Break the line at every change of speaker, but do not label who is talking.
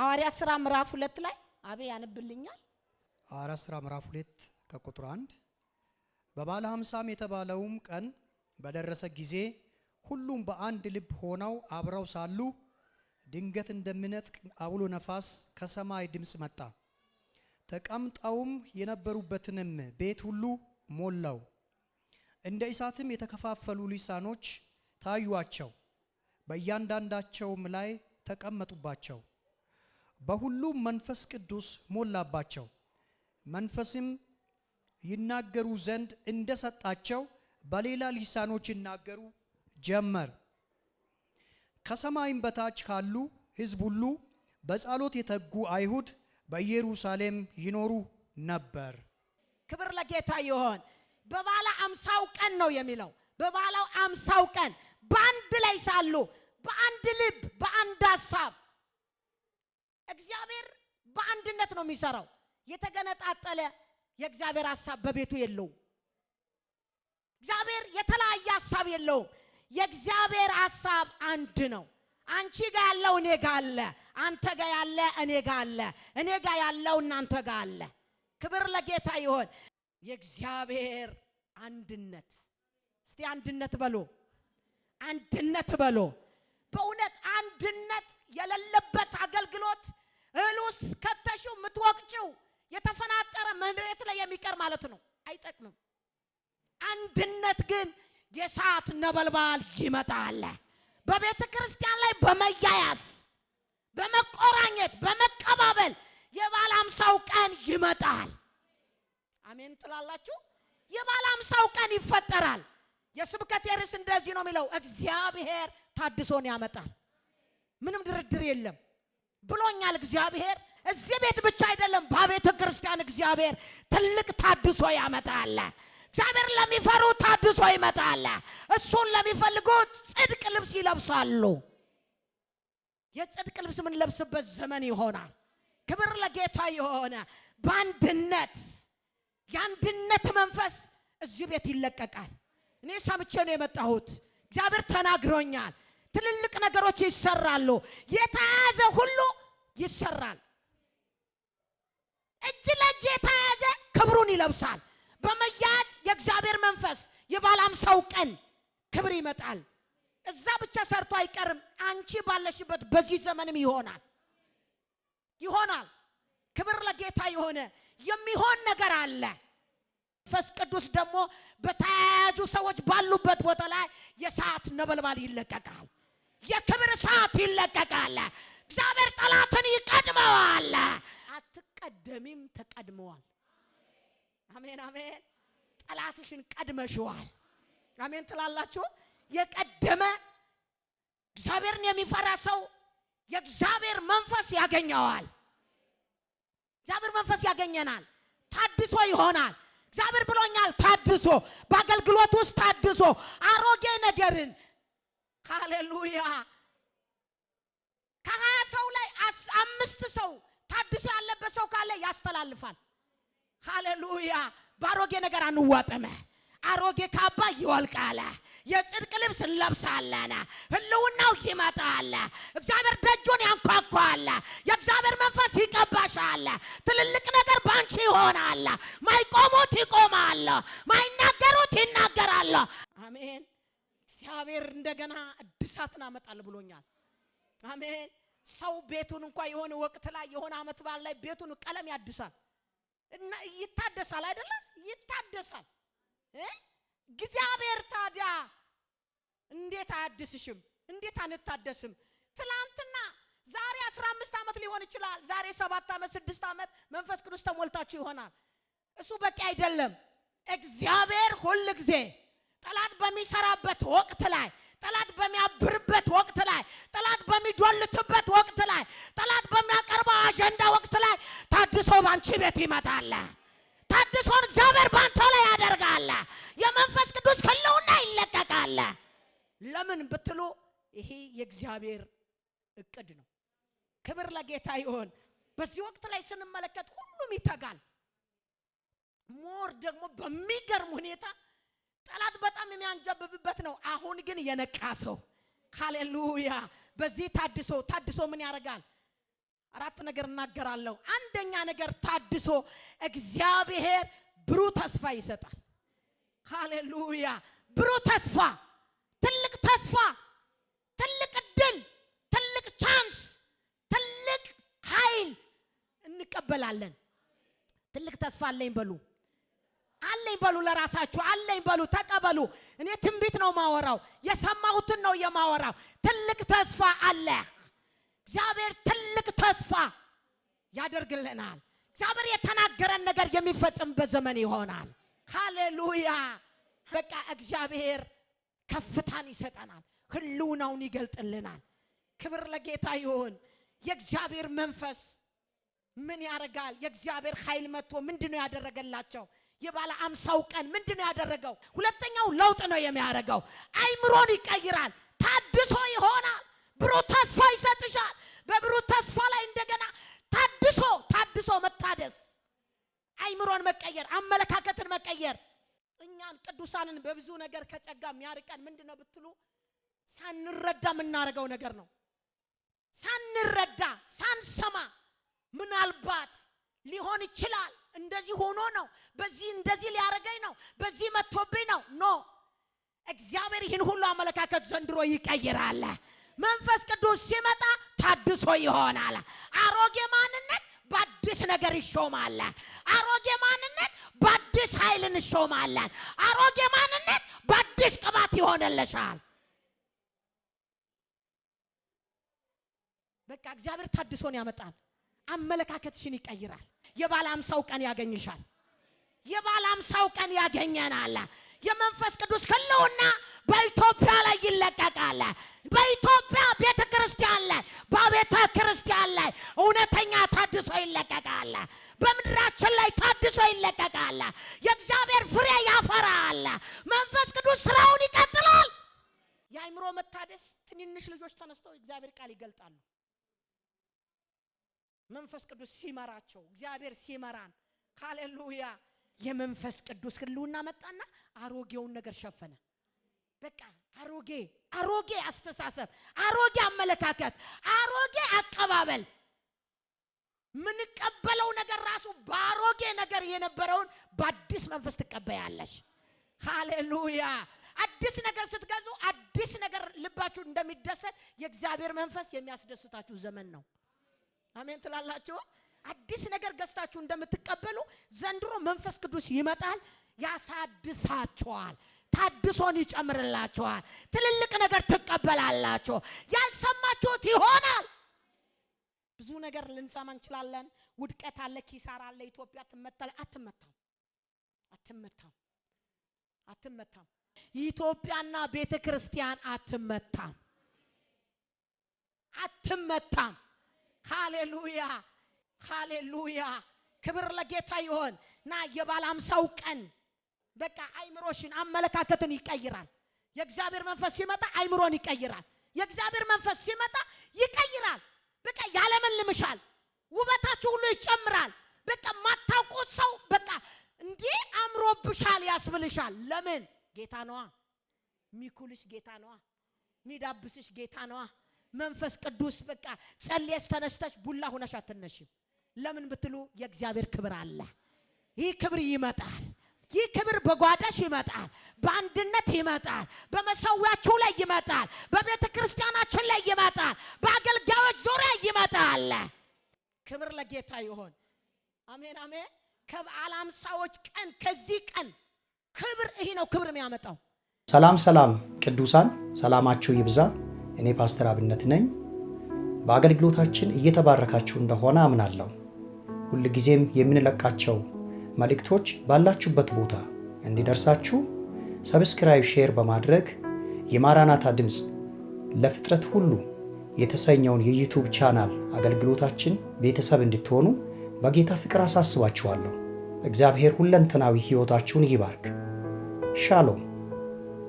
አዋሪያ ስራ ምዕራፍ ሁለት ላይ አቤ ያነብልኛል።
ሐዋርያት ስራ ምዕራፍ ሁለት ከቁጥር አንድ በባለ ሀምሳም የተባለውም ቀን በደረሰ ጊዜ ሁሉም በአንድ ልብ ሆነው አብረው ሳሉ ድንገት እንደሚነጥቅ አውሎ ነፋስ ከሰማይ ድምፅ መጣ። ተቀምጠውም የነበሩበትንም ቤት ሁሉ ሞላው። እንደ እሳትም የተከፋፈሉ ሊሳኖች ታዩአቸው፣ በእያንዳንዳቸውም ላይ ተቀመጡባቸው። በሁሉም መንፈስ ቅዱስ ሞላባቸው፣ መንፈስም ይናገሩ ዘንድ እንደሰጣቸው በሌላ ሊሳኖች ይናገሩ ጀመር። ከሰማይም በታች ካሉ ሕዝብ ሁሉ በጸሎት የተጉ አይሁድ በኢየሩሳሌም ይኖሩ
ነበር። ክብር ለጌታ ይሆን። በባለ አምሳው ቀን ነው የሚለው። በባላው አምሳው ቀን በአንድ ላይ ሳሉ በአንድ ልብ በአንድ ሀሳብ እግዚአብሔር በአንድነት ነው የሚሰራው። የተገነጣጠለ የእግዚአብሔር ሀሳብ በቤቱ የለውም። እግዚአብሔር የተለያየ ሀሳብ የለውም። የእግዚአብሔር ሀሳብ አንድ ነው። አንቺ ጋ ያለው እኔ ጋ አለ። አንተ ጋ ያለ እኔ ጋ አለ። እኔ ጋ ያለው እናንተ ጋ አለ። ክብር ለጌታ ይሆን። የእግዚአብሔር አንድነት እስቲ አንድነት በሎ፣ አንድነት በሎ። በእውነት አንድነት የሌለበት ነበልባል ይመጣል። በቤተ ክርስቲያን ላይ በመያያዝ በመቆራኘት በመቀባበል የባለ አምሳው ቀን ይመጣል። አሜን ትላላችሁ። የባለ አምሳው ቀን ይፈጠራል። የስብከት ርዕስ እንደዚህ ነው የሚለው፣ እግዚአብሔር ታድሶን ያመጣል። ምንም ድርድር የለም ብሎኛል እግዚአብሔር። እዚህ ቤት ብቻ አይደለም፣ በቤተ ክርስቲያን እግዚአብሔር ትልቅ ታድሶ ያመጣል። እግዚአብሔር ለሚፈሩ ታድሶ ይመጣል። እሱን ለሚፈልጉ ጽድቅ ልብስ ይለብሳሉ። የጽድቅ ልብስ የምንለብስበት ዘመን ይሆናል። ክብር ለጌታ የሆነ በአንድነት የአንድነት መንፈስ እዚህ ቤት ይለቀቃል። እኔ ሰምቼ ነው የመጣሁት። እግዚአብሔር ተናግሮኛል። ትልልቅ ነገሮች ይሰራሉ። የተያዘ ሁሉ ይሰራል። እጅ ለእጅ የተያዘ ክብሩን ይለብሳል። በመያዝ የእግዚአብሔር መንፈስ የባላም ሰው ቀን ክብር ይመጣል። እዛ ብቻ ሰርቶ አይቀርም። አንቺ ባለሽበት በዚህ ዘመንም ይሆናል ይሆናል። ክብር ለጌታ የሆነ የሚሆን ነገር አለ። መንፈስ ቅዱስ ደግሞ በተያያዙ ሰዎች ባሉበት ቦታ ላይ የሰዓት ነበልባል ይለቀቃል። የክብር ሰዓት ይለቀቃል። እግዚአብሔር ጠላትን ይቀድመዋል። አትቀደሚም፣ ተቀድመዋል። አሜን አሜን። ጠላትሽን ቀድመሽዋል። አሜን ትላላችሁ። የቀደመ እግዚአብሔርን የሚፈራ ሰው የእግዚአብሔር መንፈስ ያገኘዋል። እግዚአብሔር መንፈስ ያገኘናል። ታድሶ ይሆናል። እግዚአብሔር ብሎኛል። ታድሶ በአገልግሎት ውስጥ ታድሶ አሮጌ ነገርን ሃሌሉያ ከሀያ ሰው ላይ አምስት ሰው ታድሶ ያለበት ሰው ካለ ያስተላልፋል። ሃሌሉያ። በአሮጌ ነገር አንዋጥም። አሮጌ ካባ ይወልቃል። የጽድቅ ልብስ እንለብሳለን። ህልውናው ይመጣል። እግዚአብሔር ደጆን ያንኳኳል። የእግዚአብሔር መንፈስ ይቀባሻል። ትልልቅ ነገር ባንቺ ይሆናል። ማይቆሙት ይቆማል። ማይናገሩት ይናገራል። አሜን። እግዚአብሔር እንደገና እድሳትን አመጣል ብሎኛል። አሜን። ሰው ቤቱን እንኳ የሆነ ወቅት ላይ የሆነ አመት በዓል ላይ ቤቱን ቀለም ያድሳል። እና ይታደሳል አይደለ? ይታደሳል። እግዚአብሔር ታዲያ እንዴት አያድስሽም? እንዴት አንታደስም? ትላንትና ዛሬ አስራ አምስት ዓመት ሊሆን ይችላል። ዛሬ ሰባት ዓመት ስድስት ዓመት መንፈስ ቅዱስ ተሞልታችሁ ይሆናል። እሱ በቂ አይደለም። እግዚአብሔር ሁል ጊዜ ጠላት በሚሰራበት ወቅት ላይ ጠላት በሚያብርበት ወቅት ላይ ጠላት በሚዶልትበት ወቅት ላይ ጠላት በሚያቀርበው አጀንዳ ባንቺ ቤት ይመጣል። ታድሶን እግዚአብሔር ባንተ ላይ ያደርጋል። የመንፈስ ቅዱስ ህልውና ይለቀቃል። ለምን ብትሉ ይሄ የእግዚአብሔር እቅድ ነው። ክብር ለጌታ ይሆን። በዚህ ወቅት ላይ ስንመለከት ሁሉም ይተጋል። ሞር ደግሞ በሚገርም ሁኔታ ጠላት በጣም የሚያንጀብብበት ነው። አሁን ግን የነቃ ሰው ሃሌሉያ፣ በዚህ ታድሶ ታድሶ ምን ያደርጋል? አራት ነገር እናገራለሁ። አንደኛ ነገር ታድሶ እግዚአብሔር ብሩህ ተስፋ ይሰጣል። ሃሌሉያ! ብሩህ ተስፋ፣ ትልቅ ተስፋ፣ ትልቅ እድል፣ ትልቅ ቻንስ፣ ትልቅ ኃይል እንቀበላለን። ትልቅ ተስፋ አለኝ በሉ፣ አለኝ በሉ፣ ለራሳችሁ አለኝ በሉ፣ ተቀበሉ። እኔ ትንቢት ነው ማወራው፣ የሰማሁትን ነው የማወራው። ትልቅ ተስፋ አለ። እግዚአብሔር ትልቅ ተስፋ ያደርግልናል። እግዚአብሔር የተናገረን ነገር የሚፈጽምበት ዘመን ይሆናል። ሃሌሉያ! በቃ እግዚአብሔር ከፍታን ይሰጠናል፣ ህልውናውን ይገልጥልናል። ክብር ለጌታ ይሁን። የእግዚአብሔር መንፈስ ምን ያደርጋል? የእግዚአብሔር ኃይል መጥቶ ምንድን ነው ያደረገላቸው? የባለ አምሳው ቀን ምንድን ነው ያደረገው? ሁለተኛው ለውጥ ነው የሚያደርገው። አይምሮን ይቀይራል፣ ታድሶ ይሆናል። ብሩህ ተስፋ ይሰጥሻል። በብሩህ ተስፋ ላይ እንደገና ታድሶ ታድሶ መታደስ፣ አይምሮን መቀየር፣ አመለካከትን መቀየር። እኛን ቅዱሳንን በብዙ ነገር ከጸጋ የሚያርቀን ምንድን ነው ብትሉ ሳንረዳ የምናደርገው ነገር ነው። ሳንረዳ ሳንሰማ ምናልባት ሊሆን ይችላል እንደዚህ ሆኖ ነው፣ በዚህ እንደዚህ ሊያደርገኝ ነው፣ በዚህ መጥቶብኝ ነው። ኖ እግዚአብሔር ይህን ሁሉ አመለካከት ዘንድሮ ይቀይራል። መንፈስ ቅዱስ ሲመጣ ታድሶ ይሆናል። አሮጌ ማንነት በአዲስ ነገር ይሾማለን። አሮጌ ማንነት በአዲስ ኃይል እንሾማለን። አሮጌ ማንነት በአዲስ ቅባት ይሆንልሻል። በቃ እግዚአብሔር ታድሶን ያመጣል። አመለካከትሽን ይቀይራል። የባለ አምሳው ቀን ያገኝሻል። የባለ አምሳው ቀን ያገኘናል። የመንፈስ ቅዱስ ህልውና በኢትዮጵያ ላይ ይለቀቃል። በኢትዮ በህይወታችን ላይ ታድሶ ይለቀቃል። የእግዚአብሔር ፍሬ ያፈራል። መንፈስ ቅዱስ ስራውን ይቀጥላል። የአይምሮ መታደስ ትንንሽ ልጆች ተነስተው እግዚአብሔር ቃል ይገልጣሉ። መንፈስ ቅዱስ ሲመራቸው እግዚአብሔር ሲመራን፣ ሃሌሉያ የመንፈስ ቅዱስ ህልውና መጣና አሮጌውን ነገር ሸፈነ። በቃ አሮጌ አሮጌ አስተሳሰብ፣ አሮጌ አመለካከት፣ አሮጌ አቀባበል ምንቀበለው ስትቀበሪ የነበረውን በአዲስ መንፈስ ትቀበያለሽ። ሃሌሉያ። አዲስ ነገር ስትገዙ አዲስ ነገር ልባችሁ እንደሚደሰት የእግዚአብሔር መንፈስ የሚያስደስታችሁ ዘመን ነው። አሜን ትላላችሁ። አዲስ ነገር ገዝታችሁ እንደምትቀበሉ ዘንድሮ መንፈስ ቅዱስ ይመጣል፣ ያሳድሳችኋል፣ ታድሶን ይጨምርላችኋል። ትልልቅ ነገር ትቀበላላችሁ። ያልሰማችሁት ይሆናል። ብዙ ነገር ልንሰማ እንችላለን። ውድቀት አለ፣ ኪሳራ አለ። ኢትዮጵያ ትመታለች? አትመታም፣ አትመታም፣ አትመታም። ኢትዮጵያና ቤተ ክርስቲያን አትመታም፣ አትመታም። ሃሌሉያ፣ ሃሌሉያ። ክብር ለጌታ ይሆን እና የባለ አምሳው ቀን በቃ አይምሮሽን አመለካከትን ይቀይራል። የእግዚአብሔር መንፈስ ሲመጣ አይምሮን ይቀይራል። የእግዚአብሔር መንፈስ ሲመጣ ይቀይራል። በቃ ያለመልምሻል። ውበታችሁ ሁሉ ይጨምራል። በቃ ማታውቁት ሰው በቃ እንዴ አምሮብሻል ያስብልሻል። ለምን? ጌታ ነዋ። ሚኩልሽ ጌታ ነዋ። ሚዳብስሽ ጌታ ነዋ። መንፈስ ቅዱስ በቃ ጸልየሽ ተነስተሽ ቡላ ሁነሽ አትነሽም። ለምን ብትሉ የእግዚአብሔር ክብር አለ። ይህ ክብር ይመጣል። ይህ ክብር በጓዳሽ ይመጣል፣ በአንድነት ይመጣል፣ በመሰዊያችሁ ላይ ይመጣል፣ በቤተ ክርስቲያናችን ላይ ይመጣል፣ በአገልጋዮች ዙሪያ ይመጣል። ክብር ለጌታ ይሆን። አሜን አሜን። ከበዓለ ሃምሳዎች ቀን ከዚህ ቀን ክብር ይሄ ነው ክብር
የሚያመጣው። ሰላም ሰላም፣ ቅዱሳን ሰላማችሁ ይብዛ። እኔ ፓስተር አብነት ነኝ። በአገልግሎታችን እየተባረካችሁ እንደሆነ አምናለሁ። ሁልጊዜም የምንለቃቸው መልእክቶች ባላችሁበት ቦታ እንዲደርሳችሁ ሰብስክራይብ፣ ሼር በማድረግ የማራናታ ድምፅ ለፍጥረት ሁሉ የተሰኘውን የዩቱብ ቻናል አገልግሎታችን ቤተሰብ እንድትሆኑ በጌታ ፍቅር አሳስባችኋለሁ። እግዚአብሔር ሁለንተናዊ ሕይወታችሁን ይባርክ። ሻሎም